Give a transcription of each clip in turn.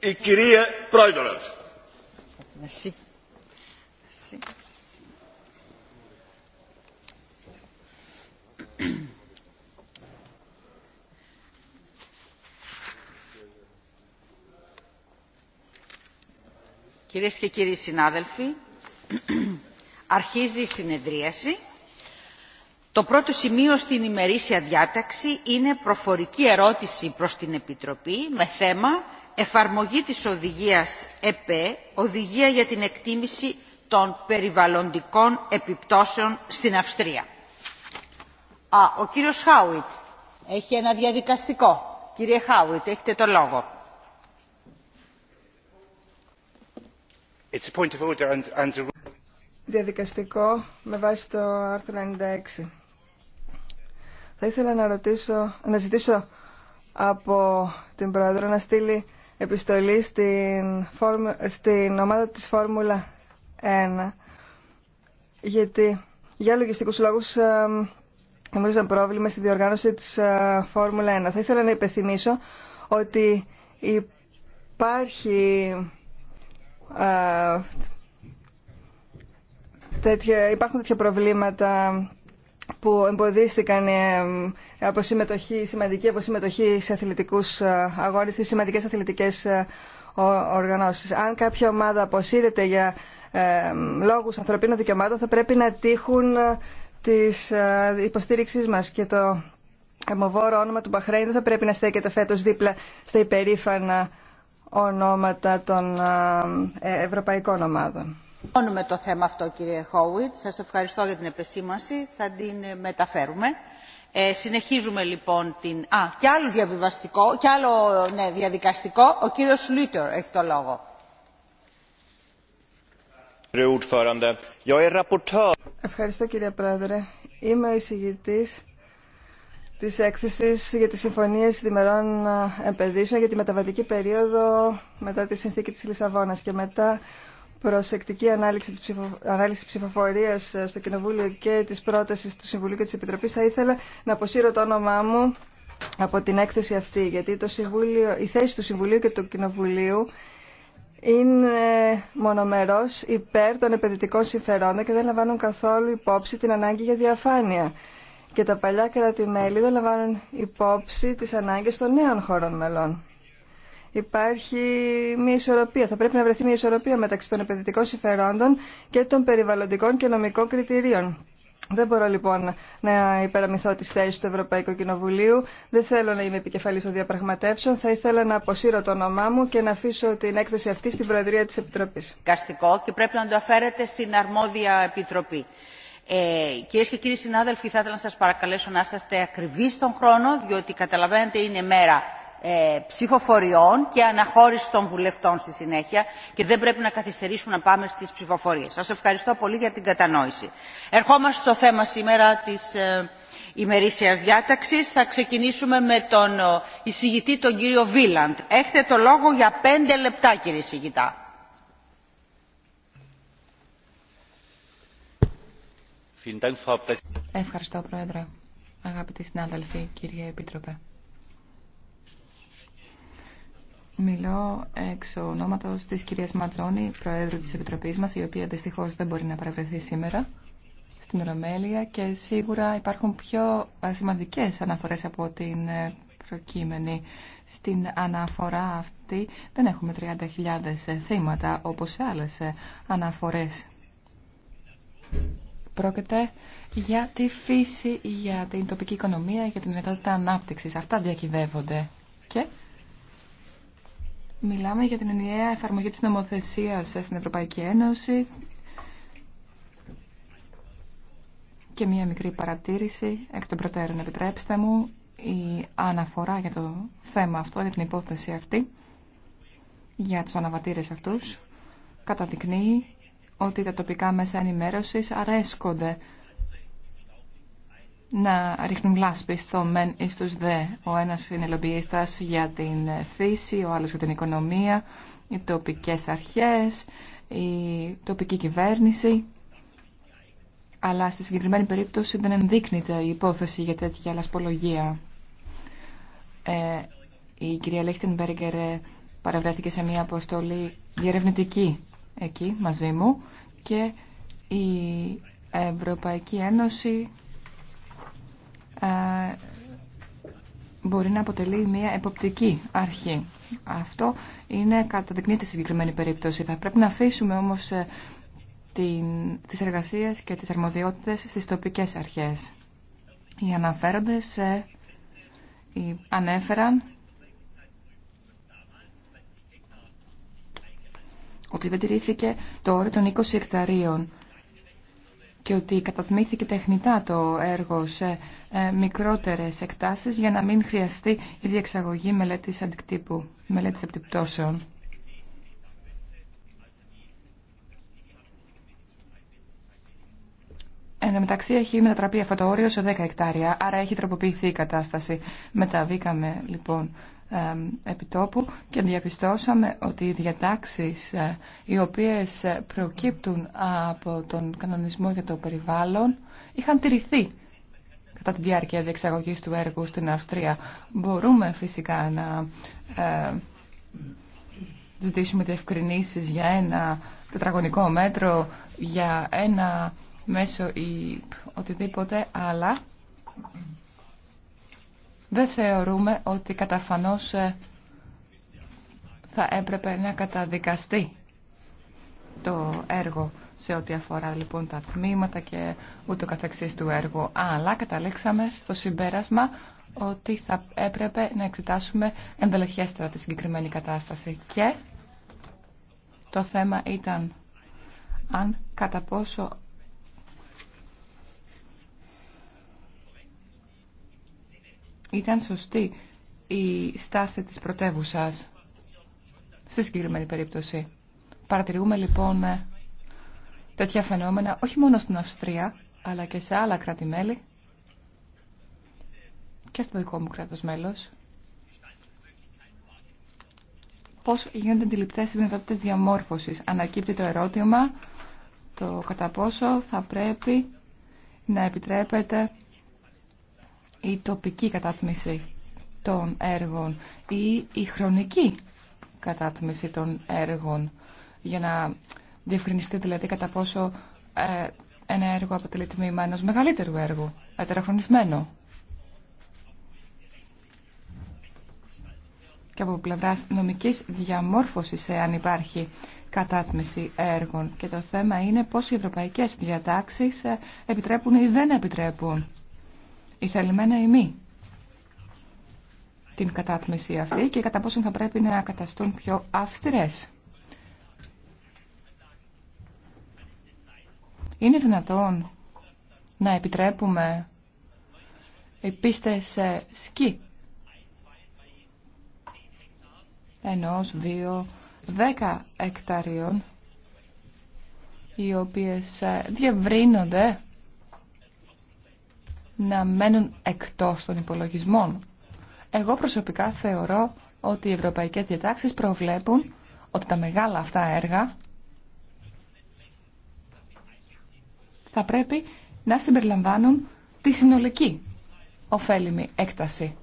Η κυρία Πρόεδρος. Κυρίες και κύριοι συνάδελφοι, αρχίζει η συνεδρίαση. Το πρώτο σημείο στην ημερήσια διάταξη είναι προφορική ερώτηση προς την Επιτροπή με θέμα εφαρμογή της οδηγίας ΕΠΕ, οδηγία για την εκτίμηση των περιβαλλοντικών επιπτώσεων στην Αυστρία. Α, ο κύριος Χάουιτ έχει ένα διαδικαστικό. Κύριε Χάουιτ, έχετε το λόγο. διαδικαστικό με βάση το άρθρο 96. Θα ήθελα να, ρωτήσω, να ζητήσω από την Πρόεδρο να στείλει επιστολή στην, στην ομάδα της Φόρμουλα 1 γιατί για λογιστικούς λόγους δημιούργησαν ε, πρόβλημα στη διοργάνωση της ε, Φόρμουλα 1. Θα ήθελα να υπεθυμίσω ότι υπάρχει ε, α, υπάρχουν τέτοια προβλήματα που εμποδίστηκαν ε, από συμμετοχή, σημαντική αποσυμμετοχή σε αθλητικούς ε, αγώνες ή σημαντικές αθλητικές ε, οργανώσεις. Αν κάποια ομάδα αποσύρεται για λόγους ανθρωπίνων δικαιωμάτων θα πρέπει να τύχουν της υποστήριξής μας και το αιμοβόρο όνομα του Μπαχρέιν δεν θα πρέπει να στέκεται φέτος δίπλα στα υπερήφανα ονόματα των ευρωπαϊκών ομάδων. Όνουμε το θέμα αυτό κύριε Χόουιτ. Σας ευχαριστώ για την επεσήμανση. Θα την ε, μεταφέρουμε. Ε, συνεχίζουμε λοιπόν την... Α, και άλλο διαβιβαστικό, και άλλο ναι, διαδικαστικό. Ο κύριος Λίτερ έχει το λόγο. Ευχαριστώ κύριε Πρόεδρε. Είμαι ο εισηγητής της έκθεσης για τις συμφωνίες διμερών ε, επενδύσεων για τη μεταβατική περίοδο μετά τη συνθήκη της Λισαβόνας και μετά προσεκτική ανάλυση της, ψηφο... ανάλυση ψηφοφορίας ε, στο Κοινοβούλιο και της πρότασης του Συμβουλίου και της Επιτροπής θα ήθελα να αποσύρω το όνομά μου από την έκθεση αυτή γιατί το Συμβούλιο... η θέση του Συμβουλίου και του Κοινοβουλίου είναι μονομερός υπέρ των επενδυτικών συμφερόντων και δεν λαμβάνουν καθόλου υπόψη την ανάγκη για διαφάνεια. Και τα παλιά κράτη-μέλη δεν λαμβάνουν υπόψη τις ανάγκες των νέων χωρών μελών υπάρχει μια ισορροπία. Θα πρέπει να βρεθεί μια ισορροπία μεταξύ των επενδυτικών συμφερόντων και των περιβαλλοντικών και νομικών κριτηρίων. Δεν μπορώ λοιπόν να υπεραμηθώ τι θέσει του Ευρωπαϊκού Κοινοβουλίου. Δεν θέλω να είμαι επικεφαλή των διαπραγματεύσεων. Θα ήθελα να αποσύρω το όνομά μου και να αφήσω την έκθεση αυτή στην Προεδρία τη Επιτροπή. Καστικό και πρέπει να το αφαίρετε στην αρμόδια Επιτροπή. Ε, Κυρίε και κύριοι συνάδελφοι, θα ήθελα να σα παρακαλέσω να είστε ακριβεί στον χρόνο, διότι καταλαβαίνετε είναι μέρα ε, ψηφοφοριών και αναχώρηση των βουλευτών στη συνέχεια και δεν πρέπει να καθυστερήσουμε να πάμε στις ψηφοφορίες. Σας ευχαριστώ πολύ για την κατανόηση. Ερχόμαστε στο θέμα σήμερα της ε, ημερήσιας διάταξης. Θα ξεκινήσουμε με τον ε, εισηγητή τον κύριο Βίλαντ. Έχετε το λόγο για πέντε λεπτά κύριε εισηγητά. Ευχαριστώ Πρόεδρε. Αγαπητοί συνάδελφοι, κύριε Επίτροπε. Μιλώ εξ ονόματο τη κυρία Ματζόνη, Προέδρου τη Επιτροπή μα, η οποία δυστυχώ δεν μπορεί να παραβρεθεί σήμερα στην Ρωμέλεια και σίγουρα υπάρχουν πιο σημαντικέ αναφορέ από την προκείμενη. Στην αναφορά αυτή δεν έχουμε 30.000 θύματα όπω σε άλλε αναφορέ. Πρόκειται για τη φύση, για την τοπική οικονομία, για την δυνατότητα ανάπτυξη. Αυτά διακυβεύονται. Και Μιλάμε για την ενιαία εφαρμογή της νομοθεσίας στην Ευρωπαϊκή Ένωση και μία μικρή παρατήρηση εκ των προτέρων. Επιτρέψτε μου η αναφορά για το θέμα αυτό, για την υπόθεση αυτή, για τους αναβατήρες αυτούς, καταδεικνύει ότι τα τοπικά μέσα ενημέρωσης αρέσκονται να ρίχνουν λάσπη στο μεν ή στους δε. Ο ένας είναι για την φύση, ο άλλο για την οικονομία, οι τοπικέ αρχές, η τοπική κυβέρνηση. Αλλά στη συγκεκριμένη περίπτωση δεν ενδείκνυται η υπόθεση για τέτοια λασπολογία. Ε, η κυρία Λέχτενμπέργκερ ε, παραβρέθηκε σε μια αποστολή διερευνητική εκεί μαζί μου και η Ευρωπαϊκή Ένωση ε, μπορεί να αποτελεί μια εποπτική αρχή. Αυτό είναι καταδεικνύεται στη συγκεκριμένη περίπτωση. Θα πρέπει να αφήσουμε όμως ε, την, τις εργασίες και τις αρμοδιότητες στις τοπικές αρχές. Οι αναφέροντες ε, ανέφεραν ότι δεν τηρήθηκε το όριο των 20 εκταρίων και ότι καταθμήθηκε τεχνητά το έργο σε ε, μικρότερες εκτάσεις για να μην χρειαστεί η διεξαγωγή μελέτης αντικτύπου, μελέτης επιπτώσεων. Εν τω μεταξύ έχει μετατραπεί αυτό το όριο σε 10 εκτάρια, άρα έχει τροποποιηθεί η κατάσταση. Μεταβήκαμε λοιπόν επιτόπου και διαπιστώσαμε ότι οι διατάξεις ε, οι οποίες ε, προκύπτουν από τον κανονισμό για το περιβάλλον είχαν τηρηθεί κατά τη διάρκεια διεξαγωγής του έργου στην Αυστρία. Μπορούμε φυσικά να ε, ζητήσουμε διευκρινήσεις για ένα τετραγωνικό μέτρο, για ένα μέσο ή οτιδήποτε, αλλά δεν θεωρούμε ότι καταφανώς ε, θα έπρεπε να καταδικαστεί το έργο σε ό,τι αφορά λοιπόν τα τμήματα και ούτω καθεξής του έργου. Αλλά καταλήξαμε στο συμπέρασμα ότι θα έπρεπε να εξετάσουμε ενδελεχέστερα τη συγκεκριμένη κατάσταση και το θέμα ήταν αν κατά πόσο Ήταν σωστή η στάση της πρωτεύουσα στη συγκεκριμένη περίπτωση. Παρατηρούμε λοιπόν τέτοια φαινόμενα όχι μόνο στην Αυστρία, αλλά και σε άλλα κράτη-μέλη και στο δικό μου κράτος μέλος. Πώς γίνονται αντιληπτές οι δυνατότητες διαμόρφωσης. Ανακύπτει το ερώτημα το κατά πόσο θα πρέπει να επιτρέπεται η τοπική κατάθμιση των έργων ή η χρονική κατάθμιση των έργων για να διευκρινιστεί δηλαδή κατά πόσο ε, ένα έργο αποτελεί τμήμα ενός μεγαλύτερου έργου, ετεροχρονισμένο. και από πλευράς νομικής διαμόρφωσης εάν υπάρχει κατάθμιση έργων. Και το θέμα είναι πώς οι ευρωπαϊκές διατάξεις ε, επιτρέπουν ή δεν επιτρέπουν η θελημένα ή μη την κατάτμιση αυτή και κατά πόσον θα πρέπει να καταστούν πιο αυστηρές. Είναι δυνατόν να επιτρέπουμε οι πίστες σκι ενός, δύο, δέκα εκταρίων οι οποίες ε, διευρύνονται να μένουν εκτός των υπολογισμών. Εγώ προσωπικά θεωρώ ότι οι ευρωπαϊκές διατάξεις προβλέπουν ότι τα μεγάλα αυτά έργα θα πρέπει να συμπεριλαμβάνουν τη συνολική ωφέλιμη έκταση.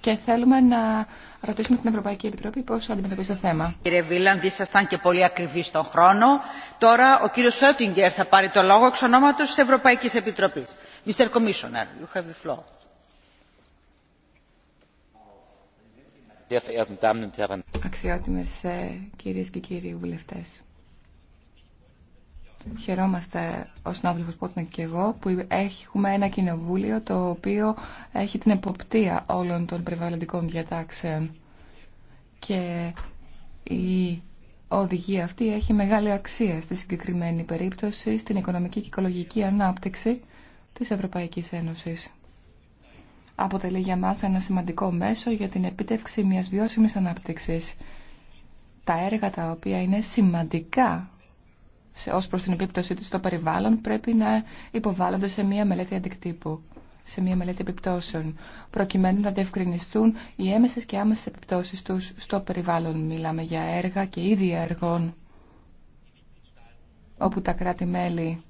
Και θέλουμε να ρωτήσουμε την Ευρωπαϊκή Επιτροπή πώς αντιμετωπίζει το θέμα. Κύριε Βίλαν, ήσασταν και πολύ ακριβή στον χρόνο. Τώρα ο κύριος Σότιγκερ θα πάρει το λόγο εξ ονόματος της Ευρωπαϊκής Επιτροπής. Mr. Commissioner, you have the floor. Αξιότιμες ε, κυρίες και κύριοι βουλευτές. Χαιρόμαστε ως νόβληφος Πότνα και εγώ που έχουμε ένα κοινοβούλιο το οποίο έχει την εποπτεία όλων των περιβαλλοντικών διατάξεων και η οδηγία αυτή έχει μεγάλη αξία στη συγκεκριμένη περίπτωση στην οικονομική και οικολογική ανάπτυξη της Ευρωπαϊκής Ένωσης. Αποτελεί για μας ένα σημαντικό μέσο για την επίτευξη μιας βιώσιμης ανάπτυξης. Τα έργα τα οποία είναι σημαντικά σε, ως προς την επίπτωσή του στο περιβάλλον πρέπει να υποβάλλονται σε μια μελέτη αντικτύπου, σε μια μελέτη επιπτώσεων, προκειμένου να διευκρινιστούν οι έμεσες και άμεσες επιπτώσεις τους στο περιβάλλον. Μιλάμε για έργα και ίδια εργών, όπου τα κράτη-μέλη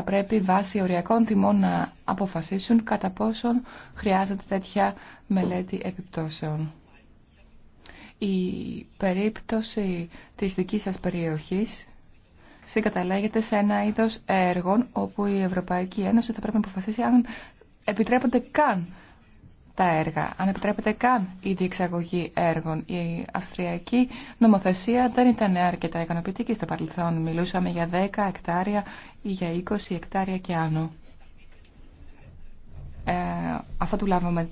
θα πρέπει βάσει οριακών τιμών να αποφασίσουν κατά πόσον χρειάζεται τέτοια μελέτη επιπτώσεων. Η περίπτωση της δικής σας περιοχής συγκαταλέγεται σε ένα είδος έργων όπου η Ευρωπαϊκή Ένωση θα πρέπει να αποφασίσει αν επιτρέπονται καν τα έργα. Αν επιτρέπεται καν η διεξαγωγή έργων. Η αυστριακή νομοθεσία δεν ήταν αρκετά ικανοποιητική στο παρελθόν. Μιλούσαμε για 10 εκτάρια ή για 20 εκτάρια και άνω. Ε, αφού του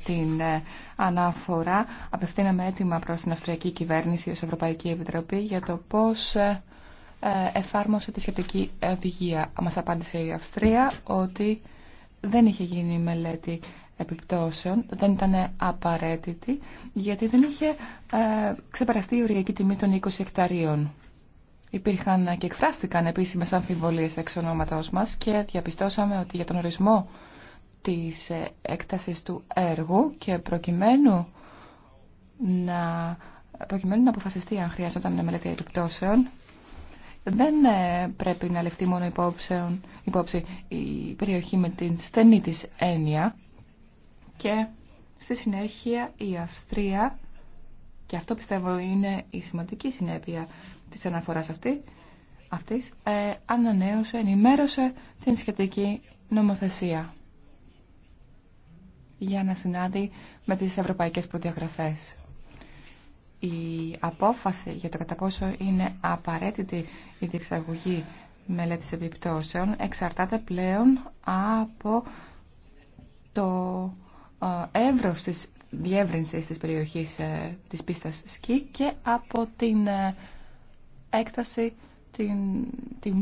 την ε, αναφορά, απευθύναμε έτοιμα προς την Αυστριακή Κυβέρνηση ως Ευρωπαϊκή Επιτροπή για το πώς ε, ε, εφάρμοσε τη σχετική οδηγία. Μας απάντησε η Αυστρία ότι δεν είχε γίνει μελέτη επιπτώσεων δεν ήταν απαραίτητη γιατί δεν είχε ε, ξεπεραστεί η οριακή τιμή των 20 εκταρίων. Υπήρχαν και εκφράστηκαν επίσημες αμφιβολίες εξ ονόματός μας και διαπιστώσαμε ότι για τον ορισμό της ε, έκτασης του έργου και προκειμένου να, προκειμένου να αποφασιστεί αν χρειαζόταν μελέτη επιπτώσεων δεν ε, πρέπει να λεφτεί μόνο η υπόψη η περιοχή με την στενή της έννοια και στη συνέχεια η Αυστρία και αυτό πιστεύω είναι η σημαντική συνέπεια της αναφοράς αυτή, αυτής, ε, ανανέωσε, ενημέρωσε την σχετική νομοθεσία για να συνάδει με τις ευρωπαϊκές προδιαγραφές. Η απόφαση για το κατά πόσο είναι απαραίτητη η διεξαγωγή μελέτης επιπτώσεων εξαρτάται πλέον από το εύρος της διεύρυνσης της περιοχής ε, της πίστας σκι και από την ε, έκταση, την, την,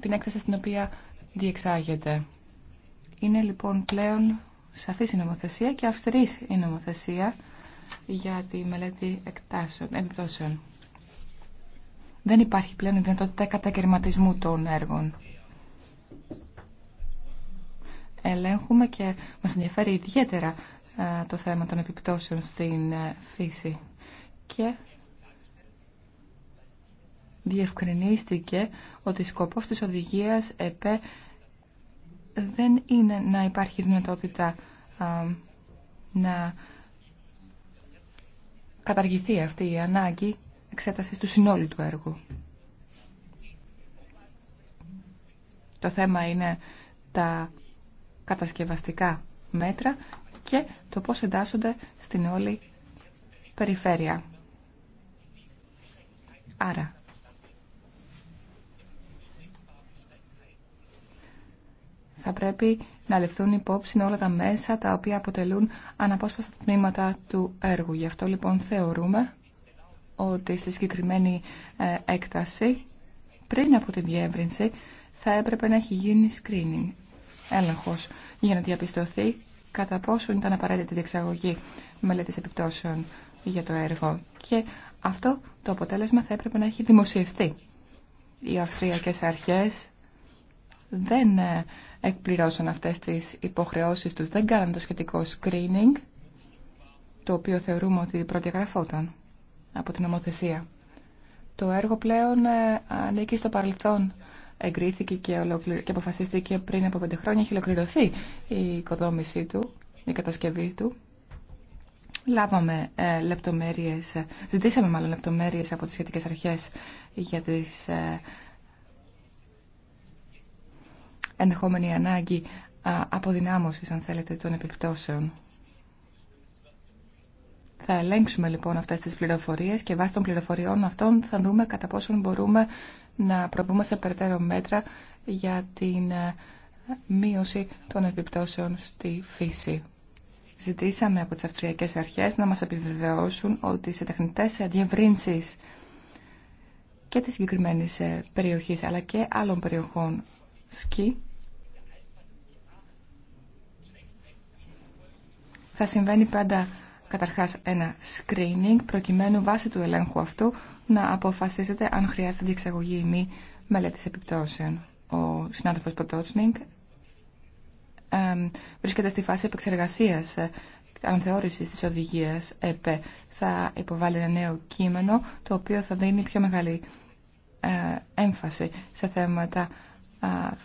την στην οποία διεξάγεται. Είναι λοιπόν πλέον σαφής η νομοθεσία και αυστηρής η νομοθεσία για τη μελέτη εκτάσεων, επιπτώσεων. Δεν υπάρχει πλέον η δυνατότητα κατακαιρματισμού των έργων ελέγχουμε και μας ενδιαφέρει ιδιαίτερα ε, το θέμα των επιπτώσεων στην ε, φύση. Και διευκρινίστηκε ότι σκοπός της οδηγίας ΕΠΕ δεν είναι να υπάρχει δυνατότητα ε, να καταργηθεί αυτή η ανάγκη εξέτασης του συνόλου του έργου. Το θέμα είναι τα κατασκευαστικά μέτρα και το πώς εντάσσονται στην όλη περιφέρεια. Άρα, θα πρέπει να ληφθούν υπόψη όλα τα μέσα τα οποία αποτελούν αναπόσπαστα τμήματα του έργου. Γι' αυτό λοιπόν θεωρούμε ότι στη συγκεκριμένη ε, έκταση πριν από τη διεύρυνση θα έπρεπε να έχει γίνει screening, έλεγχος για να διαπιστωθεί κατά πόσο ήταν απαραίτητη η διεξαγωγή μελέτης επιπτώσεων για το έργο. Και αυτό το αποτέλεσμα θα έπρεπε να έχει δημοσιευθεί. Οι αυστριακές αρχές δεν ε, εκπληρώσαν αυτές τις υποχρεώσεις τους, δεν κάναν το σχετικό screening, το οποίο θεωρούμε ότι προδιαγραφόταν από την νομοθεσία. Το έργο πλέον ε, ανήκει στο παρελθόν εγκρίθηκε και, και αποφασίστηκε πριν από πέντε χρόνια, έχει ολοκληρωθεί η οικοδόμησή του, η κατασκευή του. Λάβαμε ε, λεπτομέρειες, ε, ζητήσαμε μάλλον λεπτομέρειες από τις σχετικές αρχές για τις ε, ενδεχόμενη ανάγκη αποδυνάμωσης, αν θέλετε, των επιπτώσεων. Θα ελέγξουμε λοιπόν αυτές τις πληροφορίες και βάσει των πληροφοριών αυτών θα δούμε κατά πόσον μπορούμε να προβούμε σε περαιτέρω μέτρα για την ε, μείωση των επιπτώσεων στη φύση. Ζητήσαμε από τις Αυστριακές Αρχές να μας επιβεβαιώσουν ότι σε τεχνητές διευρύνσεις και της συγκεκριμένη ε, περιοχής αλλά και άλλων περιοχών σκι θα συμβαίνει πάντα καταρχάς ένα screening προκειμένου βάσει του ελέγχου αυτού να αποφασίσετε αν χρειάζεται διεξαγωγή ή μη μελέτης επιπτώσεων. Ο συνάδελφος Ποτότσνικ βρίσκεται στη φάση επεξεργασίας ε, αναθεώρησης της οδηγίας ΕΠΕ. Θα υποβάλει ένα νέο κείμενο το οποίο θα δίνει πιο μεγάλη ε, έμφαση σε θέματα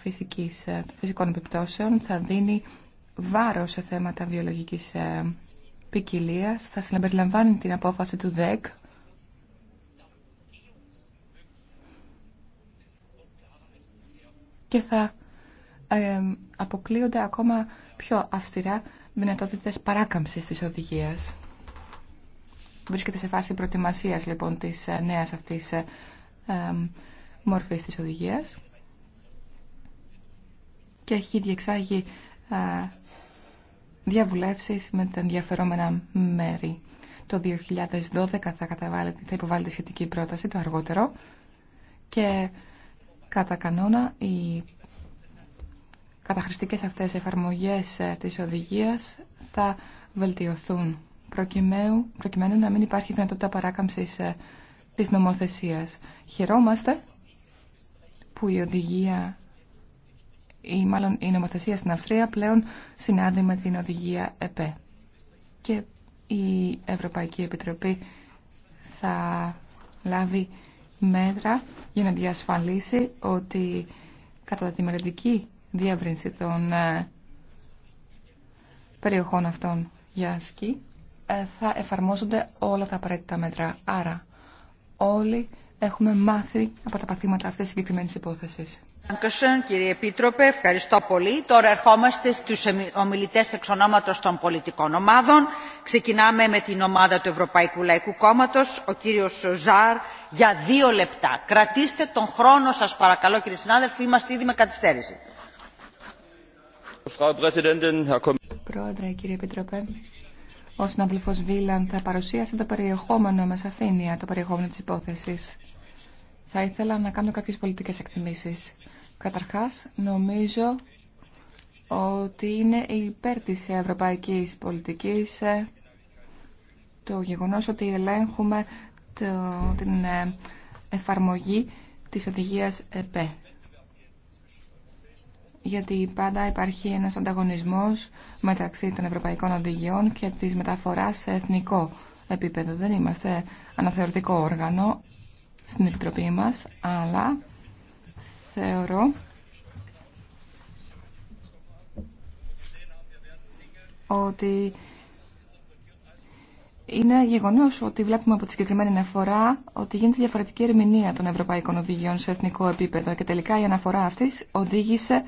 φυσικής, ε, φυσικών επιπτώσεων, θα δίνει βάρος σε θέματα βιολογικής θα συμπεριλαμβάνει την απόφαση του ΔΕΚ και θα αποκλείονται ακόμα πιο αυστηρά δυνατότητε παράκαμψης της οδηγίας. Βρίσκεται σε φάση προετοιμασίας λοιπόν της ε, νέας αυτής ε, μορφής της οδηγίας και έχει διεξάγει διαβουλεύσεις με τα ενδιαφερόμενα μέρη. Το 2012 θα, υποβάλλεται θα υποβάλει σχετική πρόταση, το αργότερο, και κατά κανόνα οι καταχρηστικές αυτές εφαρμογές ε, της οδηγίας θα βελτιωθούν προκειμένου, προκειμένου να μην υπάρχει δυνατότητα παράκαμψης ε, της νομοθεσίας. Χαιρόμαστε που η οδηγία ή μάλλον η νομοθεσία στην Αυστρία πλέον συνάδει με την οδηγία ΕΠΕ. Και η Ευρωπαϊκή Επιτροπή θα λάβει μέτρα για να διασφαλίσει ότι κατά τη μελλοντική διεύρυνση των ε, περιοχών αυτών για σκι ε, θα εφαρμόζονται όλα τα απαραίτητα μέτρα. Άρα όλοι έχουμε μάθει από τα παθήματα αυτής της συγκεκριμένης υπόθεσης κύριε επίτροπε ευχαριστώ πολύ. τώρα ερχόμαστε στους ομιλητές εξ ονόματος των πολιτικών ομάδων. ξεκινάμε με την ομάδα του ευρωπαϊκού λαϊκού κόμματος ο κύριος Ζάρ για δύο λεπτά. κρατήστε τον χρόνο σας παρακαλώ κύριε συνάδελφοι είμαστε ήδη με καθυστέρηση. Πρόεδρε, κύριε Επιτροπέ, ο συνάδελφος Βίλαν θα παρουσίασε το περιεχόμενο με σαφήνεια, το περιεχόμενο της υπόθεσης. Θα ήθελα να κάνω κάποιες πολιτικές εκτιμήσεις. Καταρχάς, νομίζω ότι είναι υπέρ της ευρωπαϊκής πολιτικής ε, το γεγονός ότι ελέγχουμε την ε, εφαρμογή της οδηγίας ΕΠΕ. Γιατί πάντα υπάρχει ένας ανταγωνισμός μεταξύ των ευρωπαϊκών οδηγιών και της μεταφοράς σε εθνικό επίπεδο. Δεν είμαστε αναθεωρητικό όργανο στην Επιτροπή μας, αλλά θεωρώ ότι είναι γεγονός ότι βλέπουμε από τη συγκεκριμένη αναφορά ότι γίνεται διαφορετική ερμηνεία των ευρωπαϊκών οδηγιών σε εθνικό επίπεδο και τελικά η αναφορά αυτής οδήγησε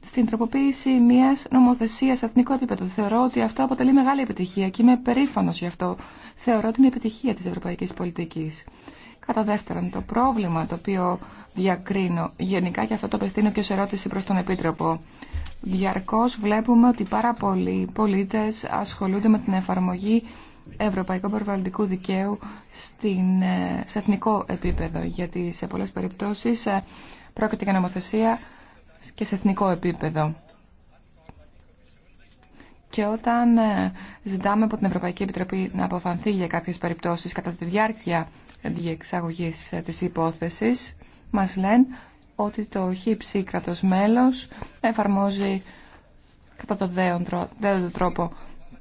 στην τροποποίηση μια νομοθεσία σε εθνικό επίπεδο. Θεωρώ ότι αυτό αποτελεί μεγάλη επιτυχία και είμαι περήφανο γι' αυτό. Θεωρώ την επιτυχία τη ευρωπαϊκή πολιτική. Κατά δεύτερον, το πρόβλημα το οποίο διακρίνω γενικά και αυτό το απευθύνω και ως ερώτηση προς τον Επίτροπο. Διαρκώς βλέπουμε ότι πάρα πολλοί πολίτες ασχολούνται με την εφαρμογή ευρωπαϊκού περιβαλλοντικού δικαίου στην, ε, σε εθνικό επίπεδο, γιατί σε πολλές περιπτώσεις ε, πρόκειται για νομοθεσία και σε εθνικό επίπεδο. Και όταν ε, ζητάμε από την Ευρωπαϊκή Επιτροπή να αποφανθεί για κάποιες περιπτώσεις κατά τη διάρκεια διεξαγωγής ε, της υπόθεσης, μας λένε ότι το χύψη κρατος μέλος εφαρμόζει κατά το δέον τρόπο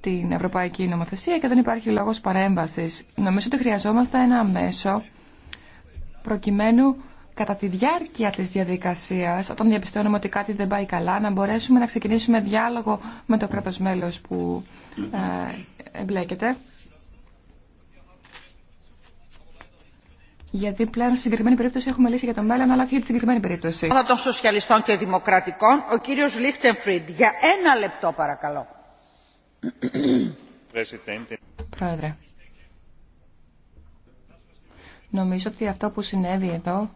την Ευρωπαϊκή Νομοθεσία και δεν υπάρχει λόγος παρέμβασης. Νομίζω ότι χρειαζόμαστε ένα μέσο προκειμένου κατά τη διάρκεια της διαδικασίας, όταν διαπιστώνουμε ότι κάτι δεν πάει καλά, να μπορέσουμε να ξεκινήσουμε διάλογο με το κράτος μέλος που ε, εμπλέκεται. Γιατί πλέον στη συγκεκριμένη περίπτωση έχουμε λύσει για το μέλλον, αλλά όχι για τη συγκεκριμένη περίπτωση. των Σοσιαλιστών και Δημοκρατικών, ο κύριος Για ένα λεπτό παρακαλώ. Πρόεδρε. Νομίζω ότι αυτό που συνέβη εδώ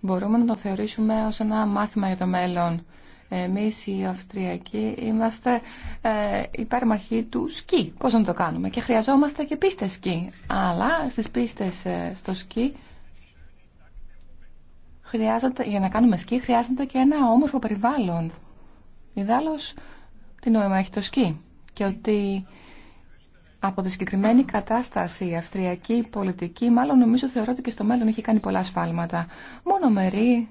μπορούμε να το θεωρήσουμε ως ένα μάθημα για το μέλλον. Εμείς οι Αυστριακοί είμαστε ε, υπέρμαρχοι του σκι. Πώς να το κάνουμε. Και χρειαζόμαστε και πίστες σκι. Αλλά στις πίστες ε, στο σκι χρειάζεται, για να κάνουμε σκι χρειάζεται και ένα όμορφο περιβάλλον. Ιδάλλως τι νόημα έχει το σκι. Και ότι από τη συγκεκριμένη κατάσταση η αυστριακή πολιτική, μάλλον νομίζω θεωρώ ότι και στο μέλλον έχει κάνει πολλά σφάλματα. Μονομερή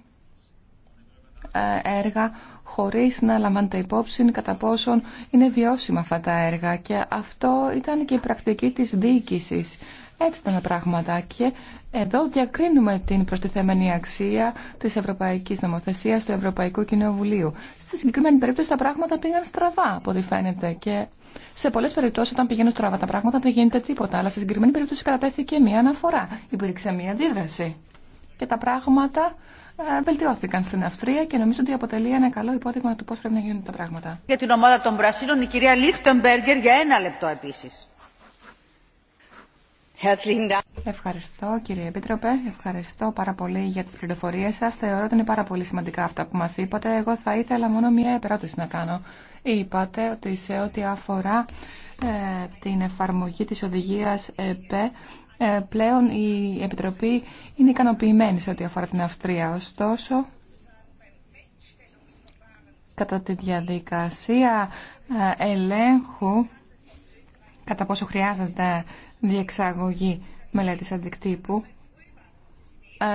ε, έργα χωρίς να λαμβάνεται υπόψη κατά πόσον είναι βιώσιμα αυτά τα έργα και αυτό ήταν και η πρακτική της διοίκησης. Έτσι ήταν τα πράγματα και εδώ διακρίνουμε την προστιθέμενη αξία της Ευρωπαϊκής Νομοθεσίας του Ευρωπαϊκού Κοινοβουλίου. Στη συγκεκριμένη περίπτωση τα πράγματα πήγαν στραβά από ό,τι φαίνεται και σε πολλέ περιπτώσει, όταν πηγαίνουν στραβά τα πράγματα, δεν γίνεται τίποτα. Αλλά σε συγκεκριμένη περίπτωση κατατέθηκε μία αναφορά. Υπήρξε μία αντίδραση. Και τα πράγματα ε, βελτιώθηκαν στην Αυστρία και νομίζω ότι αποτελεί ένα καλό υπόδειγμα του πώ πρέπει να γίνονται τα πράγματα. Για την ομάδα των Πρασίνων, η κυρία Λίχτεμπεργκερ για ένα λεπτό επίση. Ευχαριστώ κύριε Επίτροπε, ευχαριστώ πάρα πολύ για τις πληροφορίες σας. Θεωρώ ότι είναι πάρα πολύ σημαντικά αυτά που μας είπατε. Εγώ θα ήθελα μόνο μία επερώτηση να κάνω. Είπατε ότι σε ό,τι αφορά ε, την εφαρμογή της οδηγίας ΕΠΕ, ε, πλέον η Επιτροπή είναι ικανοποιημένη σε ό,τι αφορά την Αυστρία. Ωστόσο, κατά τη διαδικασία ε, ελέγχου, κατά πόσο χρειάζεται διεξαγωγή μελέτης αντικτύπου,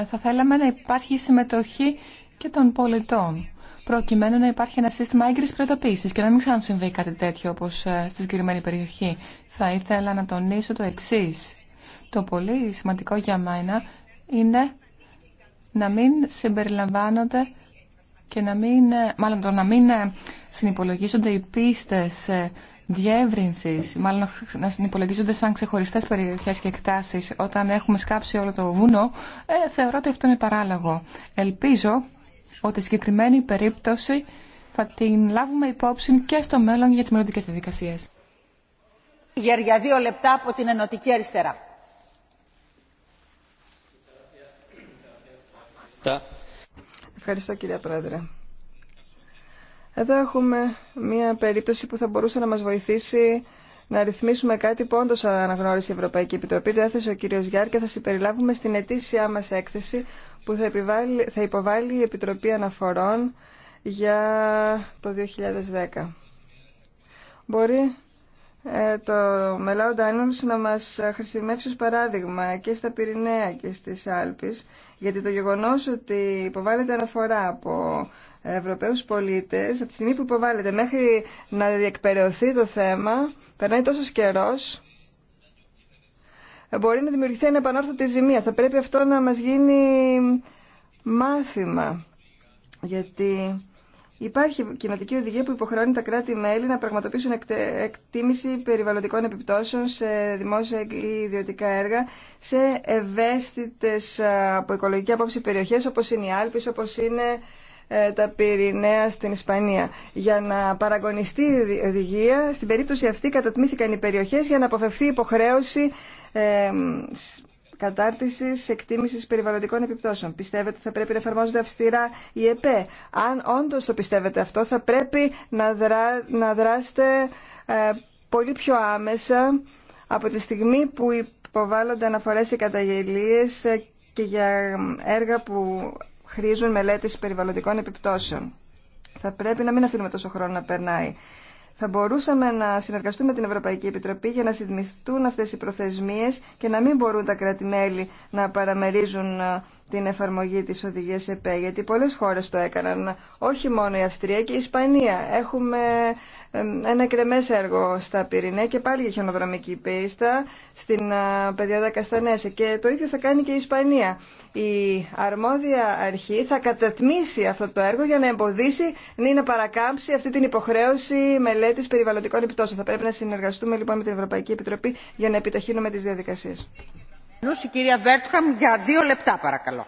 θα θέλαμε να υπάρχει συμμετοχή και των πολιτών προκειμένου να υπάρχει ένα σύστημα έγκριση προειδοποίησης και να μην ξανασυμβεί κάτι τέτοιο όπως ε, στη συγκεκριμένη περιοχή. Θα ήθελα να τονίσω το εξή. Το πολύ σημαντικό για μένα είναι να μην συμπεριλαμβάνονται και να μην, ε, μάλλον το να μην ε, συνυπολογίζονται οι πίστες διεύρυνσης, μάλλον να συνυπολογίζονται σαν ξεχωριστέ περιοχές και εκτάσεις όταν έχουμε σκάψει όλο το βουνό, ε, θεωρώ ότι αυτό είναι παράλογο. Ελπίζω ότι συγκεκριμένη περίπτωση θα την λάβουμε υπόψη και στο μέλλον για τις μελλοντικέ διαδικασίες. Για δύο λεπτά από την Ενωτική Αριστερά. Ευχαριστώ κυρία Πρόεδρε. Εδώ έχουμε μία περίπτωση που θα μπορούσε να μας βοηθήσει να ρυθμίσουμε κάτι που όντως αναγνώρισε η Ευρωπαϊκή Επιτροπή. Το έθεσε ο κύριος Γιάρ και θα συμπεριλάβουμε στην ετήσια μας έκθεση που θα, θα υποβάλει η Επιτροπή Αναφορών για το 2010. Μπορεί ε, το Μελάο Ντάνιμς να μας χρησιμεύσει ως παράδειγμα και στα Πυρηναία και στις Άλπεις, γιατί το γεγονός ότι υποβάλλεται αναφορά από Ευρωπαίους πολίτες, από τη στιγμή που υποβάλλεται μέχρι να διεκπαιρεωθεί το θέμα, περνάει τόσο καιρός μπορεί να δημιουργηθεί ένα επανόρθωτη ζημία. Θα πρέπει αυτό να μας γίνει μάθημα. Γιατί υπάρχει κοινοτική οδηγία που υποχρεώνει τα κράτη-μέλη να πραγματοποιήσουν εκτίμηση περιβαλλοντικών επιπτώσεων σε δημόσια ή ιδιωτικά έργα σε ευαίσθητες από οικολογική απόψη περιοχές όπως είναι οι Άλπεις, όπως είναι ε, τα Πυρηναία στην Ισπανία. Για να παραγωνιστεί η οδηγία, στην περίπτωση αυτή κατατμήθηκαν οι περιοχές για να αποφευθεί υποχρέωση ε, κατάρτισης εκτίμησης περιβαλλοντικών επιπτώσεων. Πιστεύετε ότι θα πρέπει να εφαρμόζονται αυστηρά η ΕΠΕ. Αν όντως το πιστεύετε αυτό, θα πρέπει να, δρά, να δράσετε ε, πολύ πιο άμεσα από τη στιγμή που υποβάλλονται αναφορές σε καταγγελίες ε, και για έργα που χρήζουν μελέτης περιβαλλοντικών επιπτώσεων. Θα πρέπει να μην αφήνουμε τόσο χρόνο να περνάει. Θα μπορούσαμε να συνεργαστούμε με την Ευρωπαϊκή Επιτροπή για να συντηρηθούν αυτές οι προθεσμίες και να μην μπορούν τα κράτη-μέλη να παραμερίζουν ε, την εφαρμογή της οδηγίας ΕΠΕ, γιατί πολλές χώρες το έκαναν, όχι μόνο η Αυστρία και η Ισπανία. Έχουμε ένα κρεμές έργο στα Πυρηνέ και πάλι για χιονοδρομική πίστα στην Παιδιάδα Καστανέσε και το ίδιο θα κάνει και η Ισπανία. Η αρμόδια αρχή θα κατατμήσει αυτό το έργο για να εμποδίσει ναι, να παρακάμψει αυτή την υποχρέωση μελέτης περιβαλλοντικών επιπτώσεων. Θα πρέπει να συνεργαστούμε λοιπόν με την Ευρωπαϊκή Επιτροπή για να επιταχύνουμε τις διαδικασίες για δύο λεπτά παρακαλώ.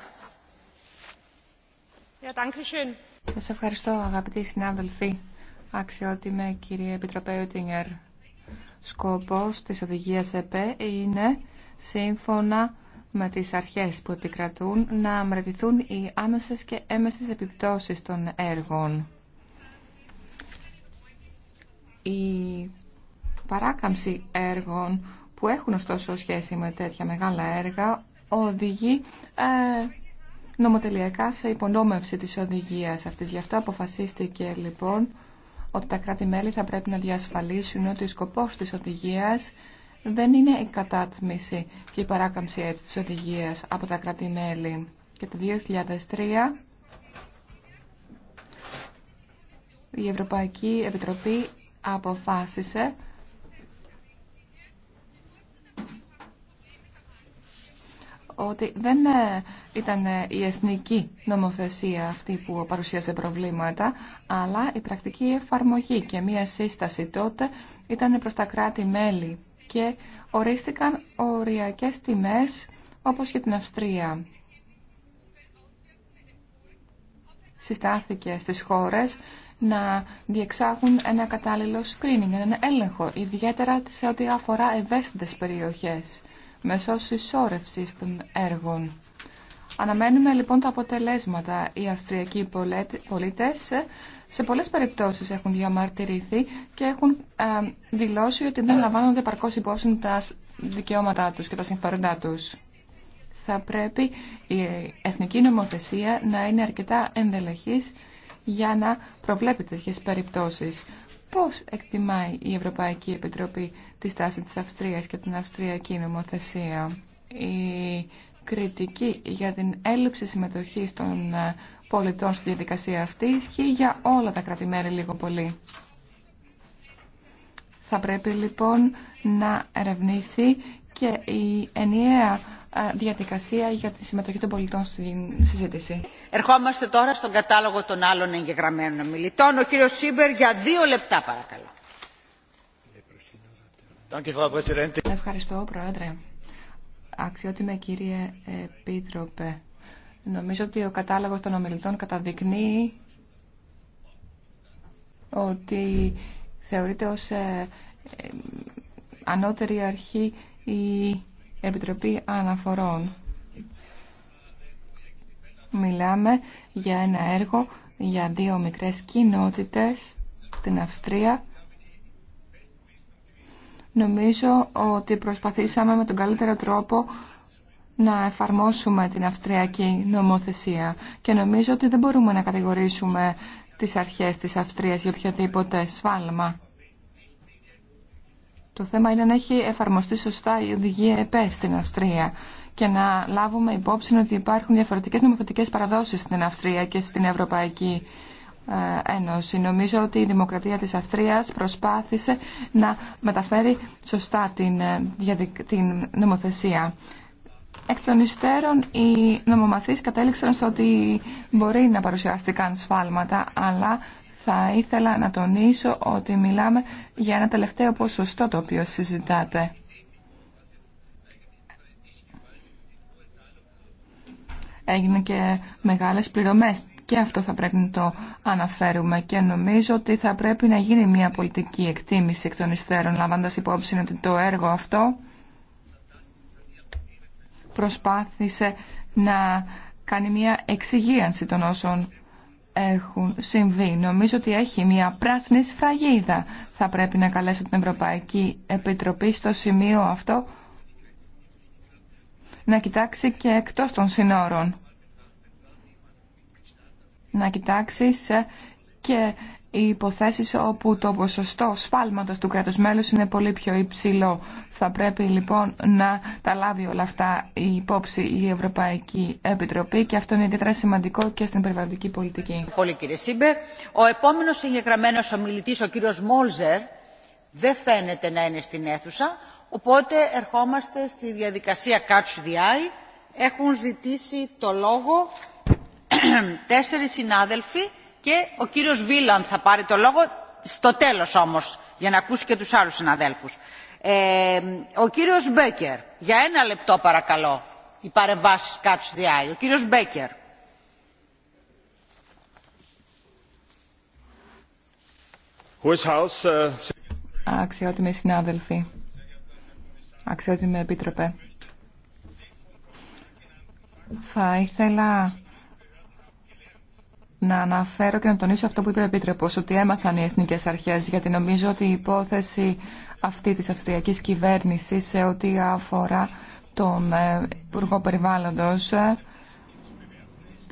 Σας ευχαριστώ αγαπητοί συνάδελφοι, αξιότιμε κύριε Επιτροπέ ΕΡ. Σκοπός της οδηγίας ΕΠΕ είναι σύμφωνα με τις αρχές που επικρατούν να μελετηθούν οι άμεσες και έμεσες επιπτώσεις των έργων. Η παράκαμψη έργων που έχουν ωστόσο σχέση με τέτοια μεγάλα έργα οδηγεί ε, νομοτελειακά σε υπονόμευση της οδηγίας αυτής. Γι' αυτό αποφασίστηκε λοιπόν ότι τα κράτη-μέλη θα πρέπει να διασφαλίσουν ότι ο σκοπός της οδηγίας δεν είναι η κατάτμιση και η παράκαμψη έτσι της οδηγίας από τα κράτη-μέλη. Και το 2003 η Ευρωπαϊκή Επιτροπή αποφάσισε ότι δεν ε, ήταν ε, η εθνική νομοθεσία αυτή που παρουσίασε προβλήματα, αλλά η πρακτική εφαρμογή και μία σύσταση τότε ήταν προς τα κράτη-μέλη και ορίστηκαν οριακές τιμές όπως και την Αυστρία. Συστάθηκε στις χώρες να διεξάγουν ένα κατάλληλο screening, ένα έλεγχο, ιδιαίτερα σε ό,τι αφορά ευαίσθητες περιοχές μέσω συσσόρευσης των έργων. Αναμένουμε λοιπόν τα αποτελέσματα. Οι Αυστριακοί πολίτες ε, σε πολλές περιπτώσεις έχουν διαμαρτυρηθεί και έχουν ε, δηλώσει ότι δεν λαμβάνονται παρκώς υπόψη τα δικαιώματά τους και τα συμφέροντά τους. Θα πρέπει η εθνική νομοθεσία να είναι αρκετά ενδελεχής για να προβλέπει τέτοιες περιπτώσεις. Πώς εκτιμάει η Ευρωπαϊκή Επιτροπή τη στάση της Αυστρίας και την Αυστριακή νομοθεσία. Η κριτική για την έλλειψη συμμετοχής των ε, πολιτών στη διαδικασία αυτή ισχύει για όλα τα κρατημέρια λίγο πολύ. Θα πρέπει λοιπόν να ερευνηθεί και η ενιαία ε, διαδικασία για τη συμμετοχή των πολιτών στην συζήτηση. Ερχόμαστε τώρα στον κατάλογο των άλλων εγγεγραμμένων μιλητών. Ο κύριος Σίμπερ για δύο λεπτά παρακαλώ. Ευχαριστώ, Πρόεδρε. Αξιότιμε κύριε Επίτροπε. Νομίζω ότι ο κατάλογος των ομιλητών καταδεικνύει ότι θεωρείται ως ε, ε, ανώτερη αρχή η Επιτροπή Αναφορών. Μιλάμε για ένα έργο για δύο μικρές κοινότητες στην Αυστρία. Νομίζω ότι προσπαθήσαμε με τον καλύτερο τρόπο να εφαρμόσουμε την αυστριακή νομοθεσία και νομίζω ότι δεν μπορούμε να κατηγορήσουμε τις αρχές της Αυστρίας για οποιαδήποτε σφάλμα. Το θέμα είναι να έχει εφαρμοστεί σωστά η οδηγία ΕΠΕ στην Αυστρία και να λάβουμε υπόψη ότι υπάρχουν διαφορετικές νομοθετικές παραδόσεις στην Αυστρία και στην Ευρωπαϊκή ε, Ένωση. Νομίζω ότι η Δημοκρατία της Αυστρίας προσπάθησε να μεταφέρει σωστά την, ε, την νομοθεσία. Εκ των υστέρων οι νομομαθείς κατέληξαν στο ότι μπορεί να παρουσιάστηκαν σφάλματα, αλλά θα ήθελα να τονίσω ότι μιλάμε για ένα τελευταίο ποσοστό το οποίο συζητάτε. Έγινε και μεγάλες πληρωμές και αυτό θα πρέπει να το αναφέρουμε και νομίζω ότι θα πρέπει να γίνει μια πολιτική εκτίμηση εκ των υστέρων λαμβάνοντας υπόψη ότι το έργο αυτό προσπάθησε να κάνει μια εξυγίανση των όσων έχουν συμβεί. Νομίζω ότι έχει μια πράσινη σφραγίδα. Θα πρέπει να καλέσω την Ευρωπαϊκή Επιτροπή στο σημείο αυτό να κοιτάξει και εκτός των συνόρων. Να κοιτάξει και οι υποθέσεις όπου το ποσοστό σφάλματος του κράτους μέλους είναι πολύ πιο υψηλό. Θα πρέπει λοιπόν να τα λάβει όλα αυτά η υπόψη η Ευρωπαϊκή Επιτροπή και αυτό είναι ιδιαίτερα σημαντικό και στην περιβαλλοντική πολιτική. Πολύ κύριε Σύμπε. Ο επόμενος εγγεγραμμένος ομιλητής, ο κύριος Μόλζερ, δεν φαίνεται να είναι στην αίθουσα, οπότε ερχόμαστε στη διαδικασία Catch the Eye. Έχουν ζητήσει το λόγο τέσσερις συνάδελφοι και ο κύριος Βίλαν θα πάρει το λόγο στο τέλος όμως για να ακούσει και τους άλλους συναδέλφους. Ε, ο κύριος Μπέκερ, για ένα λεπτό παρακαλώ, οι παρεμβάσει κάτω στη Ο κύριος Μπέκερ. Ε, αξιότιμοι συνάδελφοι, αξιότιμοι επίτροπε, θα ήθελα να αναφέρω και να τονίσω αυτό που είπε ο Επίτροπος, ότι έμαθαν οι εθνικές αρχές, γιατί νομίζω ότι η υπόθεση αυτή της αυστριακής κυβέρνησης σε ό,τι αφορά τον ε, Υπουργό Περιβάλλοντος ε,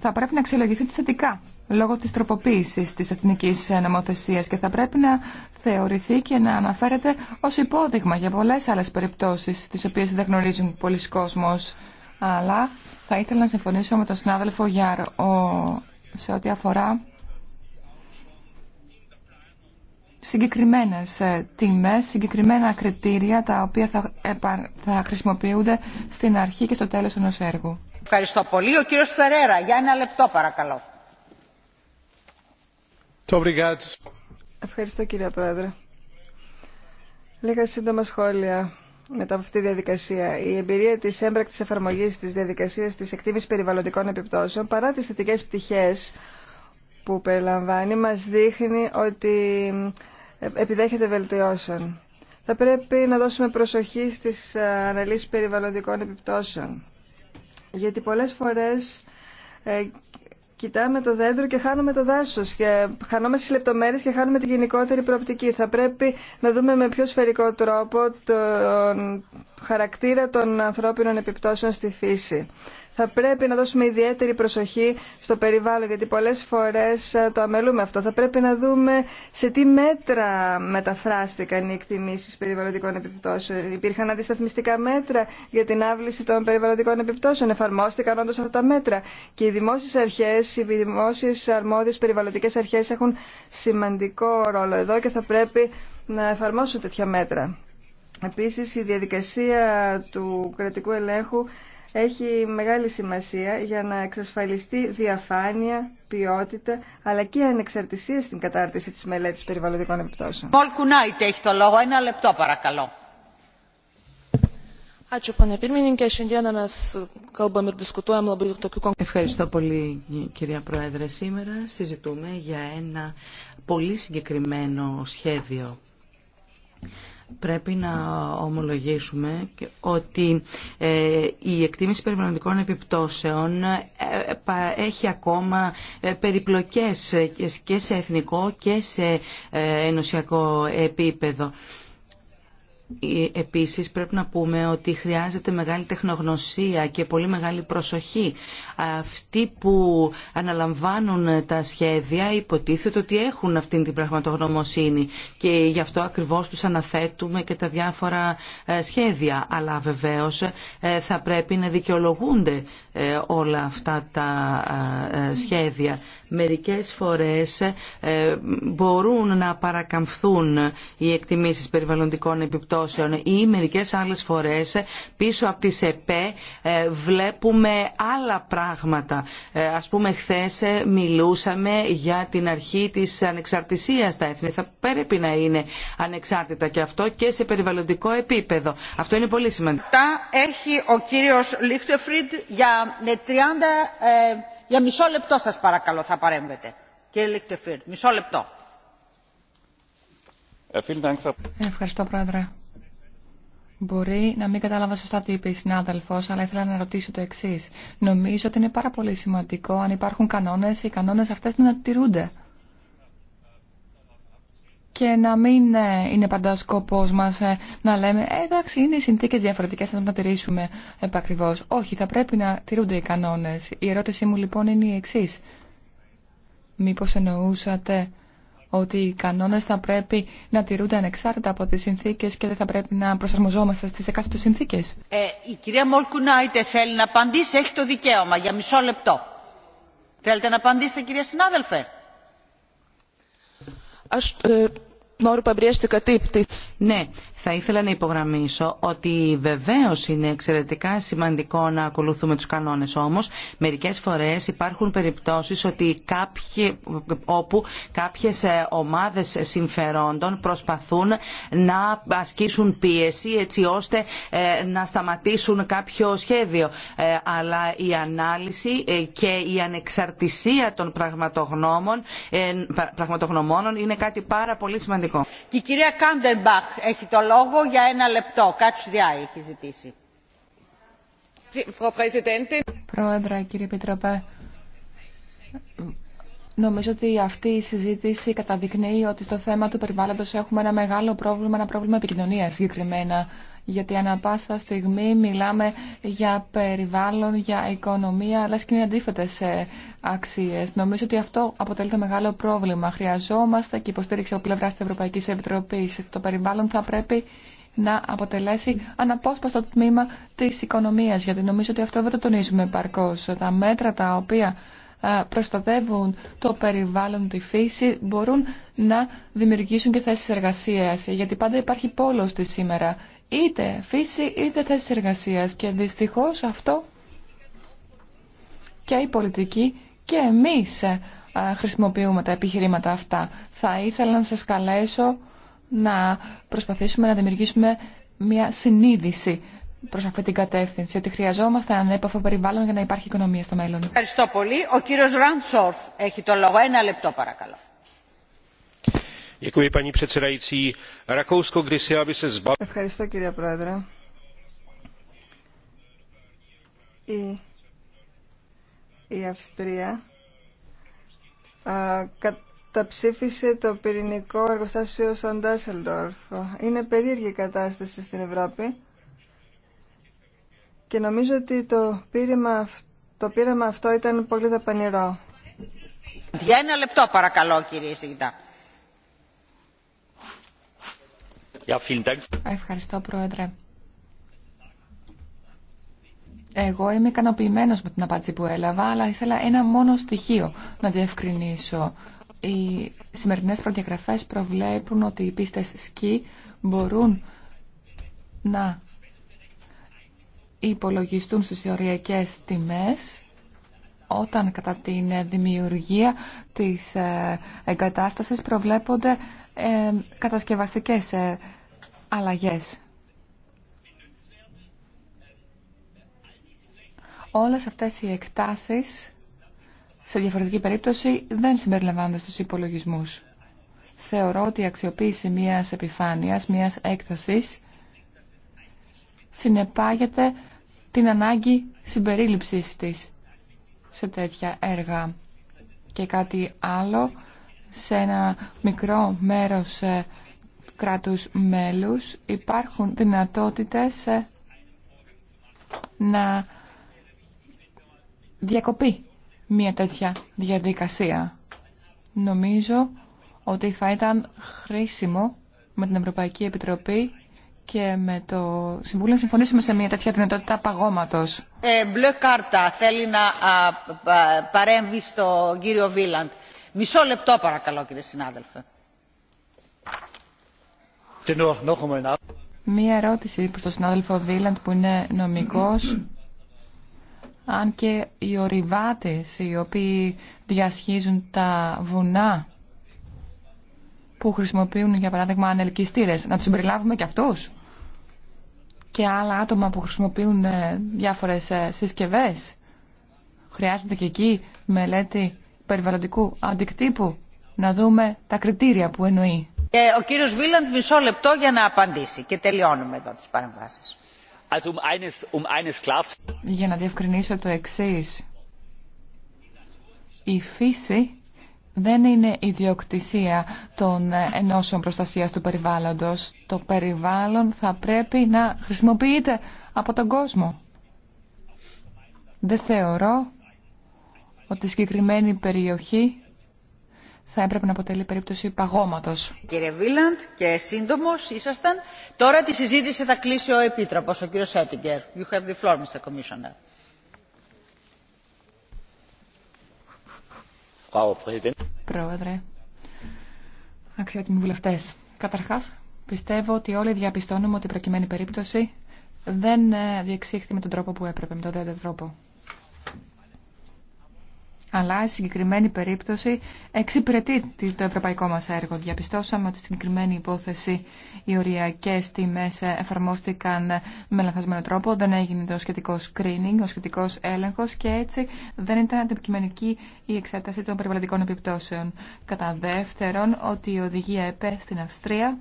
θα πρέπει να εξελογηθεί θετικά λόγω της τροποποίησης της εθνικής ε, νομοθεσίας και θα πρέπει να θεωρηθεί και να αναφέρεται ως υπόδειγμα για πολλές άλλες περιπτώσεις τις οποίες δεν γνωρίζουν πολλοί κόσμος. Αλλά θα ήθελα να συμφωνήσω με τον συνάδελφο Γιάρ. Ο σε ό,τι αφορά συγκεκριμένες ε, τιμές, συγκεκριμένα κριτήρια τα οποία θα, θα χρησιμοποιούνται στην αρχή και στο τέλος ενός έργου. Ευχαριστώ πολύ. Ο κύριος Φερέρα, για ένα λεπτό παρακαλώ. Ευχαριστώ κύριε Πρόεδρε. Λίγα σύντομα σχόλια μετά από αυτή τη διαδικασία. Η εμπειρία της έμπρακτης εφαρμογής της διαδικασίας τη εκτίμηση περιβαλλοντικών επιπτώσεων παρά τις θετικέ πτυχές που περιλαμβάνει μας δείχνει ότι ε, επιδέχεται βελτιώσεων. Θα πρέπει να δώσουμε προσοχή στις ε, αναλύσεις περιβαλλοντικών επιπτώσεων. Γιατί πολλές φορές ε, κοιτάμε το δέντρο και χάνουμε το δάσος και χανόμαστε τις λεπτομέρειες και χάνουμε τη γενικότερη προοπτική. Θα πρέπει να δούμε με πιο σφαιρικό τρόπο τον χαρακτήρα των ανθρώπινων επιπτώσεων στη φύση θα πρέπει να δώσουμε ιδιαίτερη προσοχή στο περιβάλλον, γιατί πολλές φορές ε, το αμελούμε αυτό. Θα πρέπει να δούμε σε τι μέτρα μεταφράστηκαν οι εκτιμήσεις περιβαλλοντικών επιπτώσεων. Υπήρχαν αντισταθμιστικά μέτρα για την άβληση των περιβαλλοντικών επιπτώσεων. Εφαρμόστηκαν όντω αυτά τα μέτρα. Και οι δημόσιες αρχές, οι δημόσιες αρμόδιες περιβαλλοντικές αρχές έχουν σημαντικό ρόλο εδώ και θα πρέπει να εφαρμόσουν τέτοια μέτρα. Επίσης, η διαδικασία του κρατικού ελέγχου έχει μεγάλη σημασία για να εξασφαλιστεί διαφάνεια, ποιότητα αλλά και ανεξαρτησία στην κατάρτιση της μελέτης περιβαλλοντικών επιπτώσεων. Πολ Κουνάιτ έχει Ένα λεπτό παρακαλώ. Ευχαριστώ πολύ κυρία Πρόεδρε. Σήμερα συζητούμε για ένα πολύ συγκεκριμένο σχέδιο πρέπει να ομολογήσουμε ότι ε, η εκτίμηση περιβαλλοντικών επιπτώσεων ε, έχει ακόμα ε, περιπλοκές και σε εθνικό και σε ενωσιακό επίπεδο. Ε, επίσης πρέπει να πούμε ότι χρειάζεται μεγάλη τεχνογνωσία και πολύ μεγάλη προσοχή. Αυτοί που αναλαμβάνουν τα σχέδια υποτίθεται ότι έχουν αυτή την πραγματογνωμοσύνη και γι' αυτό ακριβώς τους αναθέτουμε και τα διάφορα ε, σχέδια. Αλλά βεβαίως ε, θα πρέπει να δικαιολογούνται όλα αυτά τα σχέδια μερικές φορές ε, μπορούν να παρακαμφθούν οι εκτιμήσεις περιβαλλοντικών επιπτώσεων ή μερικές άλλες φορές πίσω από τις ΕΠΕ ε, βλέπουμε άλλα πράγματα. Ε, ας πούμε χθες μιλούσαμε για την αρχή της ανεξαρτησίας τα έθνη. Θα πρέπει να είναι ανεξάρτητα και αυτό και σε περιβαλλοντικό επίπεδο. Αυτό είναι πολύ σημαντικό. έχει ο κύριος Λίχτεφριντ για για μισό λεπτό σας παρακαλώ θα παρέμβετε. Κύριε Λίχτεφιρ, μισό λεπτό. Ε, Ευχαριστώ Πρόεδρε. Μπορεί να μην κατάλαβα σωστά τι είπε η συνάδελφο, αλλά ήθελα να ρωτήσω το εξή. Νομίζω ότι είναι πάρα πολύ σημαντικό αν υπάρχουν κανόνε, οι κανόνε αυτέ να τηρούνται και να μην ε, είναι παντά σκοπό μα ε, να λέμε «Ε, εντάξει, είναι οι συνθήκε διαφορετικέ, να τα τηρήσουμε επακριβώ. Όχι, θα πρέπει να τηρούνται οι κανόνε. Η ερώτησή μου λοιπόν είναι η εξή. Μήπω εννοούσατε ότι οι κανόνε θα πρέπει να τηρούνται ανεξάρτητα από τι συνθήκε και δεν θα πρέπει να προσαρμοζόμαστε στι εκάστοτε συνθήκε. Ε, η κυρία Μολκουνάιτε θέλει να απαντήσει, έχει το δικαίωμα για μισό λεπτό. Θέλετε να απαντήσετε, κυρία συνάδελφε. Σα ευχαριστώ. Ναι, θα ήθελα να υπογραμμίσω ότι βεβαίω είναι εξαιρετικά σημαντικό να ακολουθούμε τους κανόνε όμως. Μερικές φορέ υπάρχουν περιπτώσει ότι κάποιοι, όπου κάποιες ε, ομάδες συμφερόντων προσπαθούν να ασκήσουν πίεση έτσι ώστε ε, να σταματήσουν κάποιο σχέδιο. Ε, αλλά η ανάλυση και η ανεξαρτησία των πραγματογνώμων, πραγματογνωμόνων είναι κάτι πάρα πολύ σημαντικό σημαντικό. Και η κυρία Κάντερμπαχ έχει το λόγο για ένα λεπτό. Κάτσου διά έχει ζητήσει. Πρόεδρε, κύριε Επιτροπέ, Νομίζω ότι αυτή η συζήτηση καταδεικνύει ότι στο θέμα του περιβάλλοντος έχουμε ένα μεγάλο πρόβλημα, ένα πρόβλημα επικοινωνίας συγκεκριμένα. Γιατί ανά πάσα στιγμή μιλάμε για περιβάλλον, για οικονομία, αλλά και είναι αντίθετε αξίε. Νομίζω ότι αυτό αποτελεί το μεγάλο πρόβλημα. Χρειαζόμαστε και υποστήριξη από πλευρά τη Ευρωπαϊκή Επιτροπή. Το περιβάλλον θα πρέπει να αποτελέσει αναπόσπαστο τμήμα τη οικονομία. Γιατί νομίζω ότι αυτό δεν το τονίζουμε παρκώ. Τα μέτρα τα οποία ε, προστατεύουν το περιβάλλον, τη φύση, μπορούν να δημιουργήσουν και θέσεις εργασίας. Γιατί πάντα υπάρχει πόλος τη σήμερα. Είτε φύση είτε θέσεις εργασίας. Και δυστυχώς αυτό και η πολιτική και εμείς ε, χρησιμοποιούμε τα επιχειρήματα αυτά. Θα ήθελα να σας καλέσω να προσπαθήσουμε να δημιουργήσουμε μια συνείδηση προ αυτή την κατεύθυνση, ότι χρειαζόμαστε ανέπαφο περιβάλλον για να υπάρχει οικονομία στο μέλλον. Ευχαριστώ πολύ. Ο κύριο Ράντσορφ έχει το λόγο. Ένα λεπτό, παρακαλώ. Ευχαριστώ, κύριε Πρόεδρε. Η, Αυστρία α, καταψήφισε το πυρηνικό εργοστάσιο στον Είναι περίεργη η κατάσταση στην Ευρώπη και νομίζω ότι το πείραμα, το πείραμα αυτό ήταν πολύ δαπανηρό. Για ένα λεπτό παρακαλώ κύριε Σιγητά. Ευχαριστώ Πρόεδρε. Εγώ είμαι ικανοποιημένος με την απάντηση που έλαβα, αλλά ήθελα ένα μόνο στοιχείο να διευκρινίσω. Οι σημερινές προδιαγραφές προβλέπουν ότι οι πίστες σκι μπορούν να υπολογιστούν στις ιοριακές τιμές όταν κατά την δημιουργία της ε, εγκατάστασης προβλέπονται ε, κατασκευαστικές ε, αλλαγές. Όλες αυτές οι εκτάσεις σε διαφορετική περίπτωση δεν συμπεριλαμβάνονται στους υπολογισμούς. Θεωρώ ότι η αξιοποίηση μιας επιφάνειας, μιας έκτασης συνεπάγεται την ανάγκη συμπερίληψης της σε τέτοια έργα. Και κάτι άλλο, σε ένα μικρό μέρος ε, κράτους μέλους υπάρχουν δυνατότητες ε, να διακοπεί μια τέτοια διαδικασία. Νομίζω ότι θα ήταν χρήσιμο με την Ευρωπαϊκή Επιτροπή και με το Συμβούλιο να συμφωνήσουμε σε μια τέτοια δυνατότητα παγώματος. Ε, μπλε κάρτα θέλει να α, α, παρέμβει στο κύριο Βίλαντ. Μισό λεπτό παρακαλώ κύριε συνάδελφε. Μία ερώτηση προς τον συνάδελφο Βίλαντ που είναι νομικός. Αν και οι ορειβάτες οι οποίοι διασχίζουν τα βουνά που χρησιμοποιούν για παράδειγμα ανελκυστήρες, να τους συμπεριλάβουμε και αυτούς και άλλα άτομα που χρησιμοποιούν ε, διάφορες ε, συσκευές. Χρειάζεται και εκεί μελέτη περιβαλλοντικού αντικτύπου να δούμε τα κριτήρια που εννοεί. Ε, ο κύριος Βίλαντ μισό λεπτό για να απαντήσει και τελειώνουμε εδώ τις παρεμβάσεις. Um um για να διευκρινίσω το εξής. Η φύση δεν είναι ιδιοκτησία των ενώσεων προστασίας του περιβάλλοντος. Το περιβάλλον θα πρέπει να χρησιμοποιείται από τον κόσμο. Δεν θεωρώ ότι η συγκεκριμένη περιοχή θα έπρεπε να αποτελεί περίπτωση παγώματος. Κύριε Βίλαντ και σύντομος ήσασταν. Τώρα τη συζήτηση θα κλείσει ο Επίτροπος, ο κύριος Σέτιγκερ. You have the floor, Mr. Commissioner. Πρόεδρε. Αξιότιμοι βουλευτέ. Καταρχά, πιστεύω ότι όλοι διαπιστώνουμε ότι η προκειμένη περίπτωση δεν ε, διεξήχθη με τον τρόπο που έπρεπε, με τον δέντε τρόπο αλλά η συγκεκριμένη περίπτωση εξυπηρετεί το ευρωπαϊκό μας έργο. Διαπιστώσαμε ότι στην συγκεκριμένη υπόθεση οι οριακές τιμές ε, εφαρμόστηκαν με λανθασμένο τρόπο, δεν έγινε το σχετικό screening, ο σχετικός έλεγχος και έτσι δεν ήταν αντικειμενική η εξέταση των περιβαλλοντικών επιπτώσεων. Κατά δεύτερον, ότι η οδηγία ΕΠΕ στην Αυστρία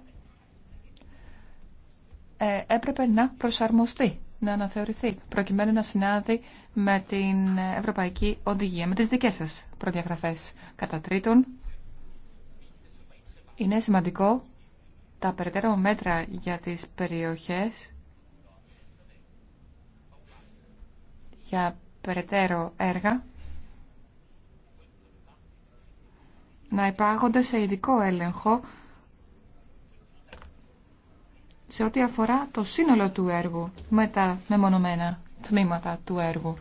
ε, έπρεπε να προσαρμοστεί να αναθεωρηθεί, προκειμένου να συνάδει με την Ευρωπαϊκή Οδηγία, με τις δικές σας προδιαγραφές. Κατά τρίτον, είναι σημαντικό τα περαιτέρω μέτρα για τις περιοχές για περαιτέρω έργα να υπάγονται σε ειδικό έλεγχο σε ό,τι αφορά το σύνολο του έργου με τα μεμονωμένα τμήματα του έργου.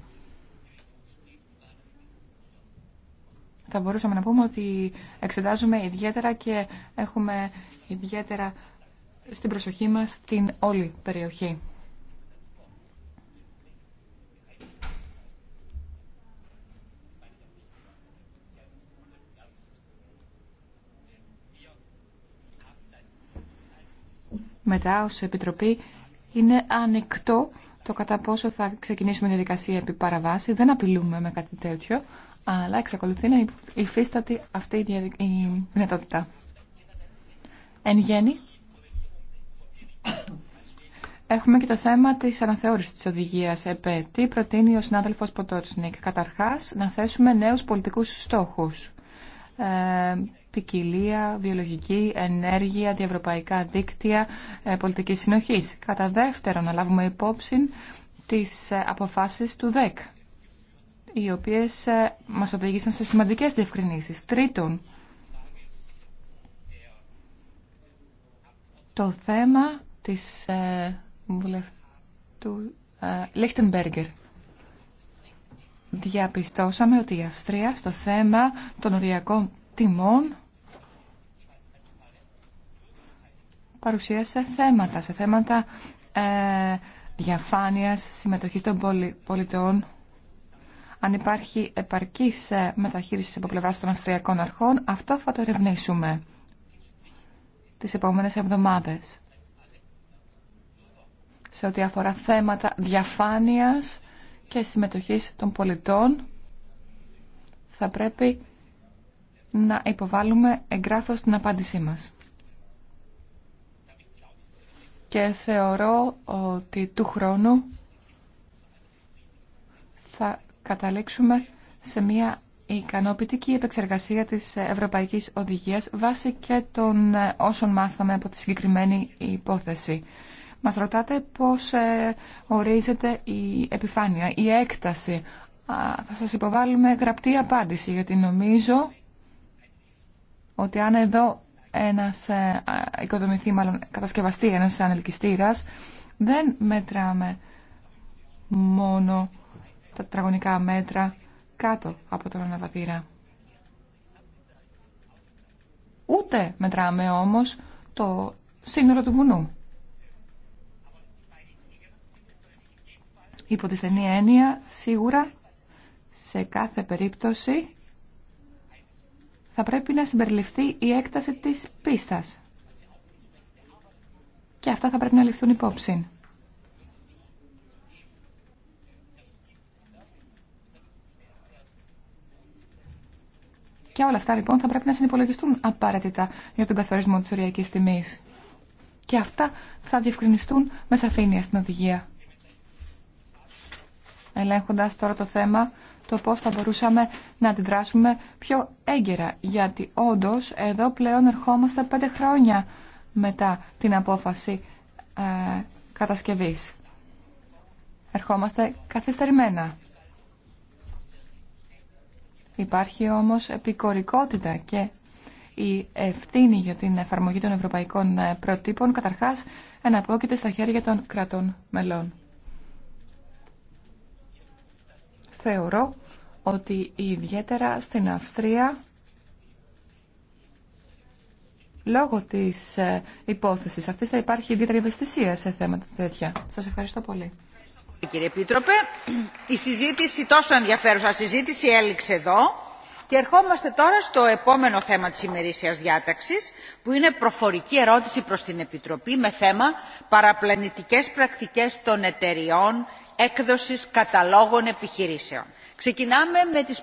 Θα μπορούσαμε να πούμε ότι εξετάζουμε ιδιαίτερα και έχουμε ιδιαίτερα στην προσοχή μας την όλη περιοχή. μετά ως Επιτροπή είναι ανοιχτό το κατά πόσο θα ξεκινήσουμε τη διαδικασία επί παραβάση. Δεν απειλούμε με κάτι τέτοιο, αλλά εξακολουθεί να υφίσταται αυτή η δυνατότητα. Εν γέννη, έχουμε και το θέμα της αναθεώρησης της οδηγίας ΕΠΕ. Τι προτείνει ο συνάδελφος Ποτότσνικ. Καταρχάς, να θέσουμε νέους πολιτικούς στόχους. Ε, ποικιλία, βιολογική, ενέργεια, διευρωπαϊκά δίκτυα ε, πολιτική συνοχής. Κατά δεύτερον, να λάβουμε υπόψη τις ε, αποφάσεις του ΔΕΚ, οι οποίες ε, μας οδηγήσαν σε σημαντικές διευκρινήσεις. Τρίτον, το θέμα της βουλευτού Λίχτενμπέργκερ. Διαπιστώσαμε ότι η Αυστρία στο θέμα των οριακών τιμών Παρουσίασε θέματα, σε θέματα ε, διαφάνειας, συμμετοχής των πολιτών, αν υπάρχει επαρκής ε, μεταχείριση από πλευρά των αυστριακών αρχών, αυτό θα το ερευνήσουμε τις επόμενες εβδομάδες. Σε ό,τι αφορά θέματα διαφάνειας και συμμετοχής των πολιτών, θα πρέπει να υποβάλουμε εγγράφως την απάντησή μας και θεωρώ ότι του χρόνου θα καταλήξουμε σε μια ικανοποιητική επεξεργασία της Ευρωπαϊκής Οδηγίας βάσει και των όσων μάθαμε από τη συγκεκριμένη υπόθεση. Μας ρωτάτε πώς ε, ορίζεται η επιφάνεια, η έκταση. Θα σας υποβάλουμε γραπτή απάντηση γιατί νομίζω ότι αν εδώ ένας ε, οικοδομηθεί, μάλλον κατασκευαστή ένας ανελκυστήρας, δεν μετράμε μόνο τα τετραγωνικά μέτρα κάτω από τον αναβατήρα. Ούτε μετράμε όμως το σύνορο του βουνού. Υπό τη στενή έννοια, σίγουρα, σε κάθε περίπτωση, θα πρέπει να συμπεριληφθεί η έκταση της πίστας. Και αυτά θα πρέπει να ληφθούν υπόψη. Και όλα αυτά λοιπόν θα πρέπει να συνυπολογιστούν απαραίτητα για τον καθορισμό της οριακής τιμής. Και αυτά θα διευκρινιστούν με σαφήνεια στην οδηγία. Ελέγχοντας τώρα το θέμα το πώς θα μπορούσαμε να αντιδράσουμε πιο έγκαιρα. Γιατί όντως εδώ πλέον ερχόμαστε πέντε χρόνια μετά την απόφαση ε, κατασκευής. Ερχόμαστε καθυστερημένα. Υπάρχει όμως επικορικότητα και η ευθύνη για την εφαρμογή των ευρωπαϊκών ε, προτύπων καταρχάς εναπόκειται στα χέρια των κρατών μελών. Θεωρώ ότι ιδιαίτερα στην Αυστρία λόγω της ε, υπόθεσης αυτής θα υπάρχει ιδιαίτερη ευαισθησία σε θέματα τέτοια. Σας ευχαριστώ πολύ. Κύριε Επίτροπε, η συζήτηση, τόσο ενδιαφέρουσα συζήτηση, έληξε εδώ. Και ερχόμαστε τώρα στο επόμενο θέμα της ημερήσιας διάταξης, που είναι προφορική ερώτηση προς την Επιτροπή με θέμα παραπλανητικές πρακτικές των εταιριών έκδοσης καταλόγων επιχειρήσεων. Ξεκινάμε με τις